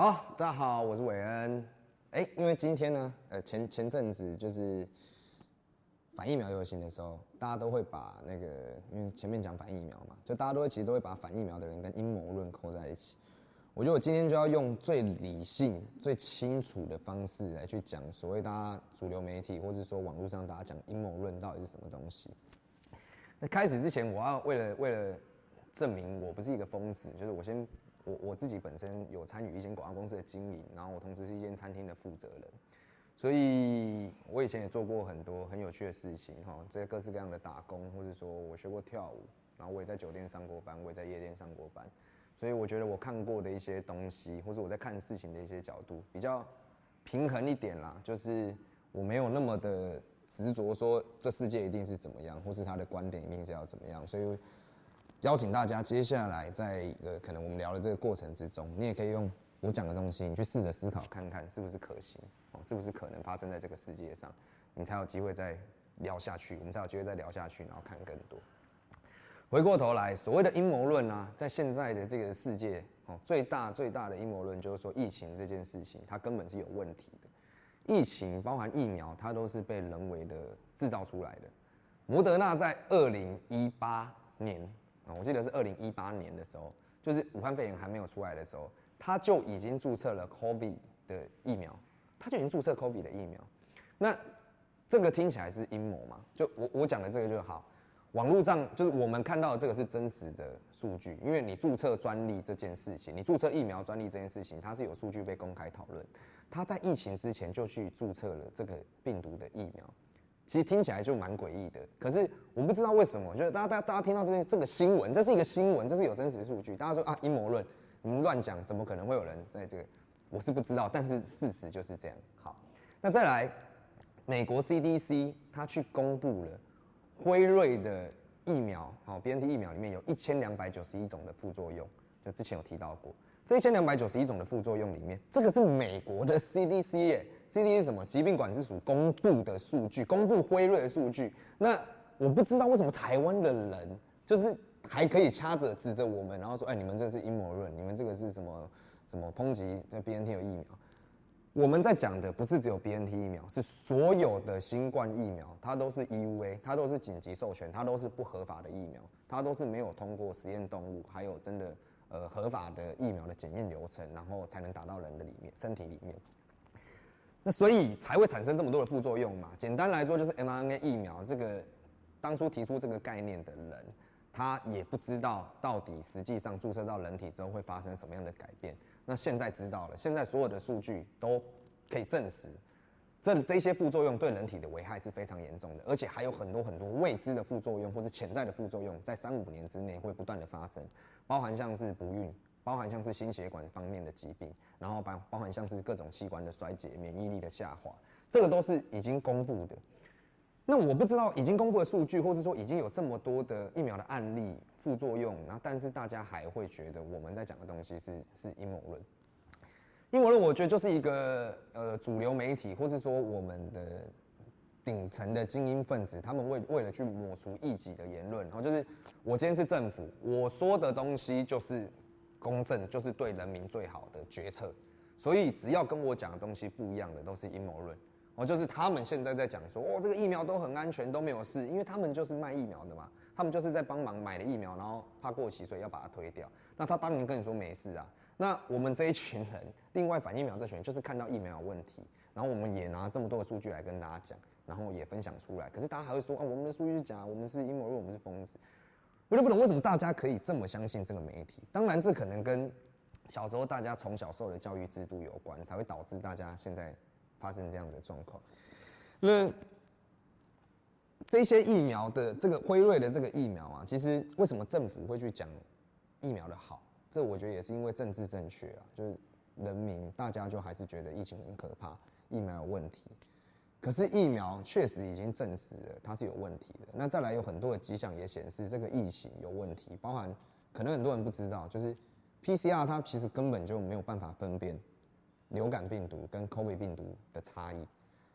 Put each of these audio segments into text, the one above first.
好，大家好，我是韋恩。欸，因為今天呢，呃，前前陣子就是反疫苗遊行的時候，大家都會把那個，因為前面講反疫苗嘛，就大家都會其實都會把反疫苗的人跟陰謀論扣在一起。我覺得我今天就要用最理性、最清楚的方式來去講所謂大家主流媒體或者說網絡上大家講陰謀論到底是什麼東西。那開始之前，我要為了為了證明我不是一個瘋子，就是我先。我我自己本身有參與一間廣告公司的經營，然後我同時是一間餐廳的負責人，所以我以前也做過很多很有趣的事情哈，這些各式各樣的打工，或是說我學過跳舞，然後我也在酒店上過班，我也在夜店上過班，所以我覺得我看過的一些東西，或是我在看事情的一些角度比較平衡一點啦，就是我沒有那麼的執着說這世界一定是怎麼樣，或是他的觀點一定是要怎麼樣，所以。邀請大家，接下來在呃，可能我們聊的這個過程之中，你也可以用我講的東西，你去試着思考看看是不是可行，哦，是不是可能發生在這個世界上，你才有機會再聊下去，你才有機會再聊下去，然後看更多。回過頭來，所謂的陰謀論啊，在現在的這個世界，哦，最大最大的陰謀論就是說，疫情這件事情它根本是有問題的，疫情包含疫苗，它都是被人為的制造出來的。摩德納在二零一八年。我記得是二零一八年的時候，就是武漢肺炎還沒有出來的時候，他就已經注冊了 COVID 的疫苗，他就已經注冊 COVID 的疫苗。那這個聽起來是陰謀嗎？就我我講的這個就是、好，網絡上就是我們看到的這個是真實的數據，因為你注冊專利這件事情，你注冊疫苗專利這件事情，它是有數據被公開討論，他在疫情之前就去注冊了這個病毒的疫苗。其實聽起來就蠻詭異的，可是我不知道為什麼，就是大家、大家、大家聽到這件這個新聞，這是一個新聞，這是有真實數據。大家說啊，陰謀論，你們亂講，怎麼可能會有人在這個？我是不知道，但是事實就是這樣。好，那再來，美國 CDC 他去公布了輝瑞的疫苗，好，BNT 疫苗裡面有一千兩百九十一種的副作用，就之前有提到過。這一千兩百九十一種的副作用裡面，這個是美國的 CDC 耶、欸、，CDC 是什麼？疾病管制署公布的數據，公布輝瑞的數據。那我不知道為什麼台灣的人就是還可以掐着指着我們，然後說：“哎、欸，你們這是陰謀論，你們這個是什麼什麼抨擊這 BNT 的疫苗？”我們在講的不是只有 BNT 疫苗，是所有的新冠疫苗，它都是、e、EUA，它都是緊急授權，它都是不合法的疫苗，它都是沒有通過實驗動物，還有真的。呃，合法的疫苗的檢驗流程，然後才能打到人的裡面，身體裡面。那所以才會產生這麼多的副作用嘛。簡單來說，就是 mRNA 疫苗這個，當初提出這個概念的人，他也不知道到底實際上注射到人體之後會發生什麼樣的改變。那現在知道了，現在所有的數據都可以證實。這這些副作用對人體的危害是非常嚴重的，而且還有很多很多未知的副作用或是潛在的副作用，在三五年之內會不斷的發生，包含像是不孕，包含像是心血管方面的疾病，然後包包含像是各種器官的衰竭、免疫力的下滑，這個都是已經公布的。那我不知道已經公布的數據，或是說已經有這麼多的疫苗的案例副作用，那但是大家還會覺得我們在講的東西是是陰謀論？陰謀論，我覺得就是一個呃主流媒體，或是說我們的頂層的精英分子，他們為為了去抹除異己的言論，然後就是我今天是政府，我說的東西就是公正，就是對人民最好的決策。所以只要跟我講的東西不一樣的，都是陰謀論。哦，就是他們現在在講說，哦，這個疫苗都很安全，都沒有事，因為他們就是賣疫苗的嘛，他們就是在幫忙買了疫苗，然後怕過期，所以要把它推掉。那他當年跟你說沒事啊？那我們這一群人，另外反疫苗這群人，就是看到疫苗有問題，然後我們也拿這麼多的數據來跟大家講，然後也分享出來。可是大家還會說，啊，我們的數據是假，我們是陰謀論，我們是瘋子。我就不懂為什麼大家可以這麼相信這個媒體。當然，這可能跟小時候大家從小受的教育制度有關，才會導致大家現在發生這樣的狀況。那這些疫苗的這個輝瑞的這個疫苗啊，其實為什麼政府會去講疫苗的好？這我覺得也是因為政治正確啊，就是人民大家就還是覺得疫情很可怕，疫苗有問題。可是疫苗確實已經證實了它是有問題的。那再來有很多的跡象也顯示這個疫情有問題，包含可能很多人不知道，就是 PCR 它其實根本就沒有辦法分辨流感病毒跟 COVID 病毒的差異。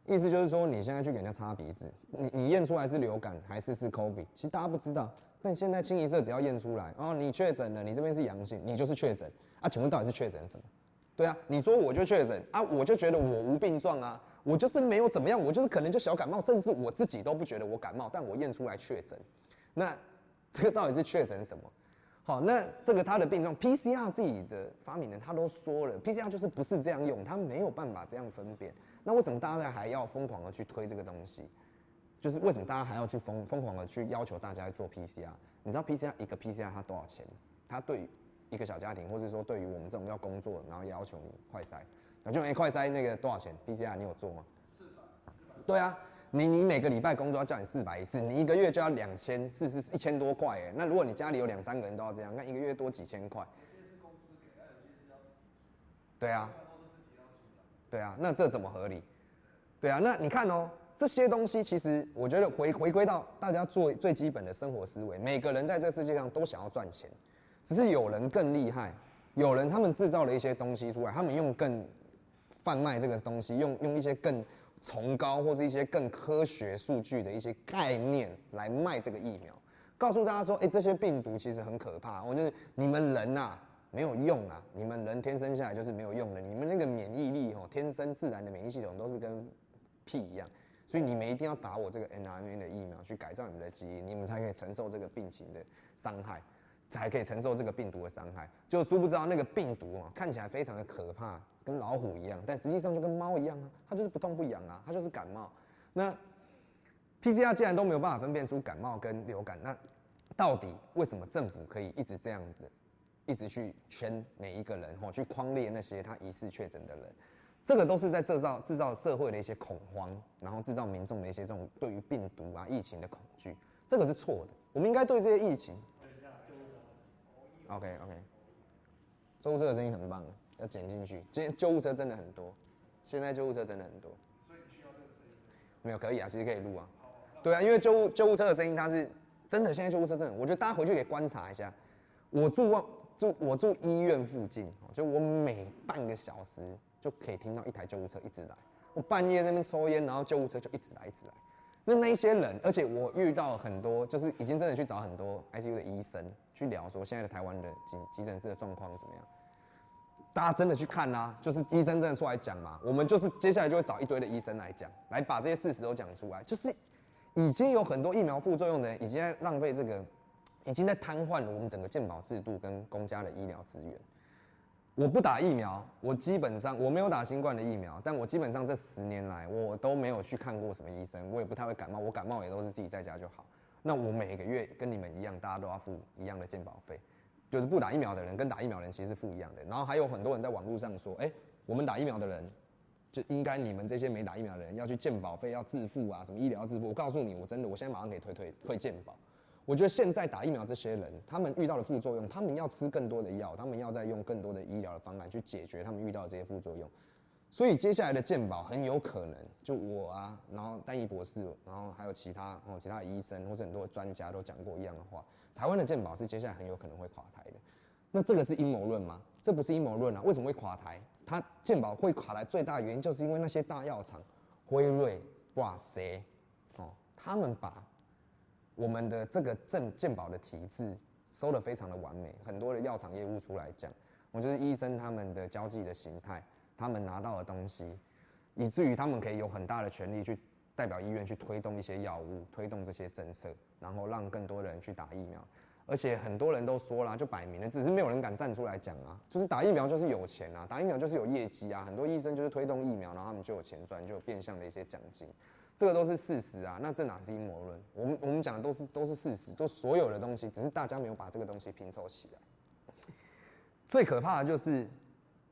意思就是說，你現在去給人家擦鼻子，你你驗出來是流感還是是 COVID，其實大家不知道。但現在清一色只要驗出來，哦，你確診了，你這邊是陽性，你就是確診啊？請問到底是確診什麼？對啊，你說我就確診啊？我就覺得我無病狀啊，我就是沒有怎麼樣，我就是可能就小感冒，甚至我自己都不覺得我感冒，但我驗出來確診，那這個到底是確診什麼？好，那這個他的病狀，PCR 自己的發明人他都說了，PCR 就是不是這樣用，他沒有辦法這樣分辨，那為什麼大家還要瘋狂的去推這個東西？就是為什麼大家還要去瘋瘋狂的去要求大家去做 PCR？你知道 PCR 一個 PCR 它多少錢？它對於一個小家庭，或者說對於我們這種要工作，然後要求你快篩？那就、欸、快篩那個多少錢？PCR 你有做嗎？四百。對啊，你你每個禮拜工作要叫你四百一次，你一個月就要兩千四四一千多塊哎。那如果你家裡有兩三個人都要這樣，那一個月多幾千塊。對啊。對啊，那這怎麼合理？對啊，那你看哦、喔。這些東西其實，我覺得回回歸到大家做最基本的生活思維，每個人在這世界上都想要賺錢，只是有人更厲害，有人他們制造了一些東西出來，他們用更販賣這個東西，用用一些更崇高或是一些更科學數據的一些概念來賣這個疫苗，告訴大家說，哎，這些病毒其實很可怕，我就是你們人吶，沒有用啊，你們人天生下來就是沒有用的，你們那個免疫力哦，天生自然的免疫系統都是跟屁一樣。所以你們一定要打我這個 mRNA 的疫苗，去改造你們的基因，你們才可以承受這個病情的傷害，才可以承受這個病毒的傷害。就殊不知道那個病毒哦、喔，看起來非常的可怕，跟老虎一樣，但實際上就跟貓一樣啊，它就是不痛不癢啊，它就是感冒。那 PCR 既然都沒有辦法分辨出感冒跟流感，那到底為什麼政府可以一直這樣子，一直去圈每一個人，哦，去匡列那些他疑似確診的人？這個都是在製造製造社會的一些恐慌，然後製造民眾的一些這種對於病毒啊、疫情的恐懼，這個是錯的。我們應該對這些疫情。OK OK，救護車的聲音很棒，要剪進去。今天救護車真的很多，現在救護車真的很多。所以你需要這個聲音。沒有，可以啊，其實可以錄啊。對啊，因為救救護車的聲音它是真的，現在救護車真的，我覺得大家回去可以觀察一下。我住過住我住醫院附近，就我每半個小時，就可以聽到一台救護車一直來，我半夜那邊抽煙，然後救護車就一直來一直來。那那一些人，而且我遇到了很多，就是已經真的去找很多 ICU 的醫生去聊，說現在的台灣的急急診室的狀況怎麼樣。大家真的去看啊，就是醫生真的出來講嘛，我們就是接下來就會找一堆的醫生來講，來把這些事實都講出來。就是已經有很多疫苗副作用的人，已經在浪費這個，已經在癱瘓了我們整個健保制度跟公家的醫療資源。我不打疫苗，我基本上我沒有打新冠的疫苗，但我基本上這十年來我都沒有去看過什麼醫生，我也不太會感冒，我感冒也都是自己在家就好。那我每個月跟你們一樣，大家都要付一樣的健保費，就是不打疫苗的人跟打疫苗的人其實是付一樣的。然後還有很多人在網絡上說，哎、欸，我們打疫苗的人就應該你們這些沒打疫苗的人要去健保費要自付啊，什麼醫療自付。我告訴你，我真的，我現在馬上可以退退退，退健保。我覺得現在打疫苗這些人，他們遇到的副作用，他們要吃更多的藥，他們要再用更多的醫療的方案去解決他們遇到的這些副作用。所以接下來的健保很有可能就我啊，然後單一博士，然後還有其他哦，其他的醫生或者很多專家都講過一樣的話，台灣的健保是接下來很有可能會垮台的。那這個是陰謀論嗎？這不是陰謀論啊，為什麼會垮台？它健保會垮台最大原因就是因為那些大藥廠，輝瑞、華協，哦，他們把。我們的這個健保的體制收得非常的完美，很多的藥廠業務出來講，我覺得醫生他們的交際的形態，他們拿到的東西，以至於他們可以有很大的權力去代表醫院去推動一些藥物，推動這些政策，然後讓更多的人去打疫苗。而且很多人都說了，就擺明了，只是沒有人敢站出來講啊。就是打疫苗就是有錢啊，打疫苗就是有業績啊。很多醫生就是推動疫苗，然後他們就有錢賺，就有變相的一些獎金。這個都是事實啊。那這哪是陰謀論？我們我們講的都是都是事實，都所有的東西，只是大家沒有把這個東西拼湊起來。最可怕的就是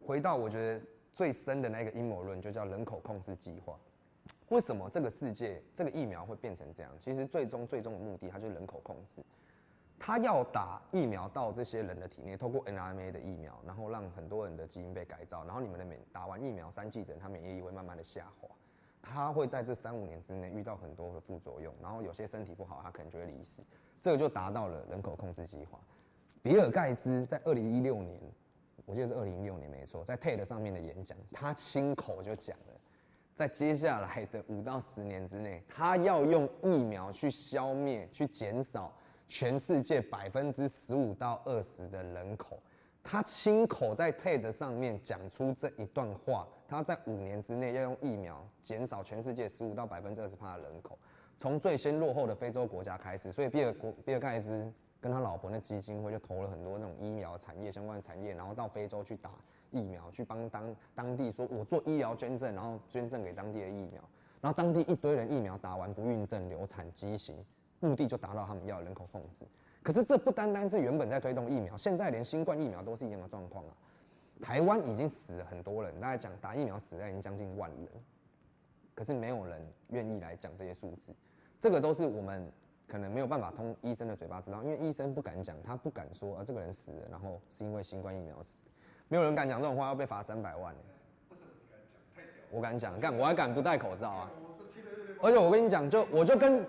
回到我覺得最深的那個陰謀論，就叫人口控制計劃。為什麼這個世界這個疫苗會變成這樣？其實最終最終的目的，它就是人口控制。他要打疫苗到這些人的體內，透過 mRNA 的疫苗，然後讓很多人的基因被改造，然後你們的免打完疫苗三劑的人，他免疫力會慢慢的下滑，他會在這三五年之內遇到很多的副作用，然後有些身體不好，他可能就會離世，這個就達到了人口控制計劃。比爾蓋茨在二零一六年，我記得是二零一六年沒錯，在 TED 上面的演講，他親口就講了，在接下來的五到十年之內，他要用疫苗去消滅、去減少。全世界百分之十五到二十的人口，他親口在 TED 上面講出這一段話，他在五年之內要用疫苗減少全世界十五到百分之二十趴的人口，從最先落後的非洲國家開始。所以比爾·比爾蓋茨跟他老婆的基金會就投了很多那種疫苗產業相關的產業，然後到非洲去打疫苗，去幫當當地說，我做醫療捐贈，然後捐贈給當地的疫苗，然後當地一堆人疫苗打完不孕症、流產、畸形。目的就達到他們要的人口控制，可是這不單單是原本在推動疫苗，現在連新冠疫苗都是一樣的狀況啊。台灣已經死了很多人，大家講打疫苗死了已經將近萬人，可是沒有人願意來講這些數字，這個都是我們可能沒有辦法通醫生的嘴巴知道，因為醫生不敢講，他不敢說啊，這個人死了，然後是因為新冠疫苗死，沒有人敢講這種話，要被罰三百萬。不是，我敢講，幹我還敢不戴口罩啊。而且我跟你講，就我就跟。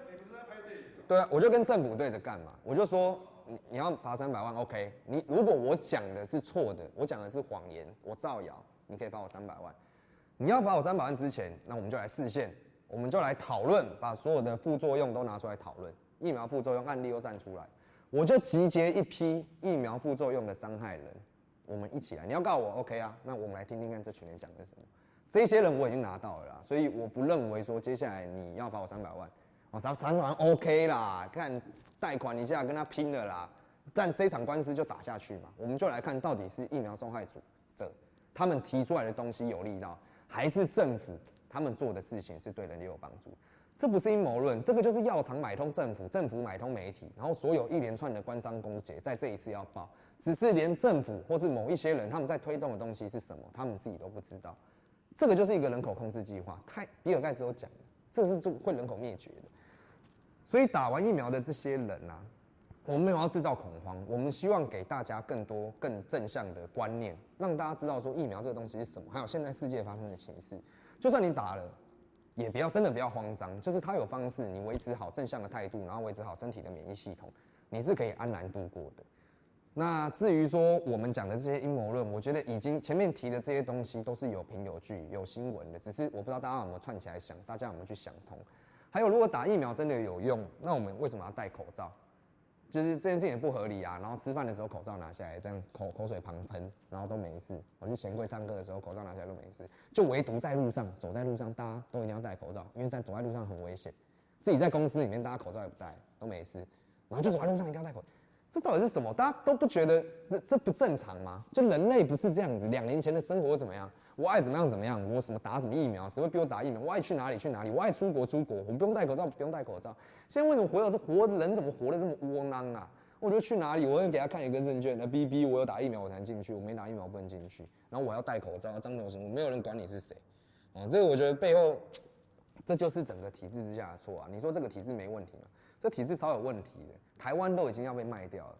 對啊，我就跟政府對着幹嘛？我就說，你你要罰三百萬，OK？你如果我講的是錯的，我講的是謊言，我造謠，你可以罰我三百萬。你要罰我三百萬之前，那我們就來視線，我們就來討論，把所有的副作用都拿出來討論。疫苗副作用案例又站出來，我就集結一批疫苗副作用的傷害人，我們一起來。你要告我，OK 啊？那我們來聽聽看這群人講的是什麼。這些人我已經拿到了啦，所以我不認為說接下來你要罰我三百萬。三啥還 OK 啦，看貸款一下跟他拼了啦，但這場官司就打下去嘛。我們就來看到底是疫苗受害者，他們提出來的東西有力道，還是政府他們做的事情是對人有幫助？這不是陰謀論，這個就是藥廠買通政府，政府買通媒體，然後所有一連串的官商勾結，在這一次要爆。只是連政府或是某一些人，他們在推動的東西是什麼，他們自己都不知道。這個就是一個人口控制計劃，太比爾蓋茨都講了，這是會人口滅絕的。所以打完疫苗的這些人啊，我們沒有要製造恐慌，我們希望給大家更多更正向的觀念，讓大家知道說疫苗這個東西是什麼，還有現在世界發生的形勢。就算你打了，也不要，真的不要慌張，就是它有方式，你維持好正向的態度，然後維持好身體的免疫系統，你是可以安然度過的。那至於說我們講的這些陰謀論，我覺得已經前面提的這些東西都是有憑有據、有新聞的，只是我不知道大家有沒有串起來想，大家有沒有去想通。還有，如果打疫苗真的有用，那我們為什麼要戴口罩？就是這件事情也不合理啊。然後吃飯的時候口罩拿下來，這樣口口水旁噴，然後都沒事。我去錢櫃唱歌的時候口罩拿下來都沒事，就唯獨在路上，走在路上，大家都一定要戴口罩，因為在走在路上很危險。自己在公司裡面大家口罩也不戴都沒事，然後就走在路上一定要戴口罩。這到底是什麼？大家都不覺得這這不正常嗎？就人類不是這樣子，兩年前的生活怎麼樣？我愛怎麼樣怎麼樣，我什麼打什麼疫苗，誰會逼我打疫苗。我愛去哪裡去哪裡，我愛出國出國，我不用戴口罩不用戴口罩。現在為什麼活到這活人怎麼活得這麼窩囊啊？我就去哪裡，我要給他看一個證券。那逼逼，我有打疫苗我才能進去，我沒打疫苗我不能進去。然後我要戴口罩，張口什我沒有人管你是誰啊、嗯？這個我覺得背後這就是整個體制之下的錯啊！你說這個體制沒問題嗎？這體制超有問題的，台灣都已經要被賣掉了，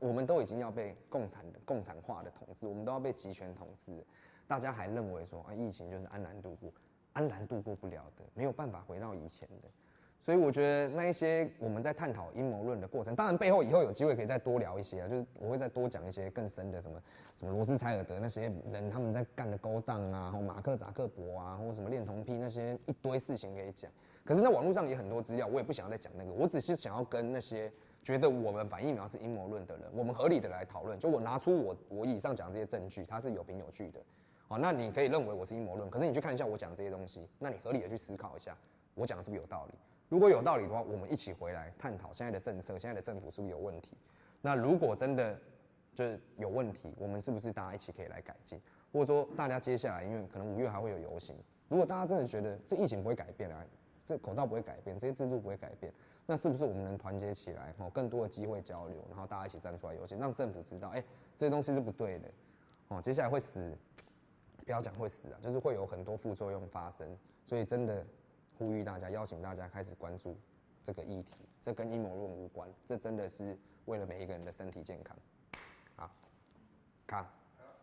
我們都已經要被共產、共產化的統治，我們都要被極權統治了，大家還認為說啊，疫情就是安然度過，安然度過不了的，沒有辦法回到以前的。所以我覺得那一些我們在探討陰謀論的過程，當然背後以後有機會可以再多聊一些啊，就是我會再多講一些更深的什麼什麼羅斯柴爾德那些人他們在幹的勾當啊，或馬克扎克伯啊，或什麼戀童癖那些一堆事情可以講。可是那網絡上也很多資料，我也不想要再講那個，我只是想要跟那些覺得我們反疫苗是陰謀論的人，我們合理的來討論。就我拿出我我以上講這些證據，它是有憑有據的，好，那你可以認為我是陰謀論，可是你去看一下我講的這些東西，那你合理的去思考一下，我講的是不是有道理？如果有道理的話，我們一起回來探討現在的政策，現在的政府是不是有問題？那如果真的就是有問題，我們是不是大家一起可以來改進？或者說，大家接下來因為可能五月還會有遊行，如果大家真的覺得這疫情不會改變啊，這口罩不會改變，這些制度不會改變，那是不是我們能團結起來，然後更多的機會交流，然後大家一起站出來遊行，讓政府知道，欸，這些東西是不對的，哦，接下來會死，不要講會死啊，就是會有很多副作用發生，所以真的。呼籲大家，邀請大家開始關注這個議題。這跟陰謀論無關，這真的是為了每一個人的身體健康。好，看。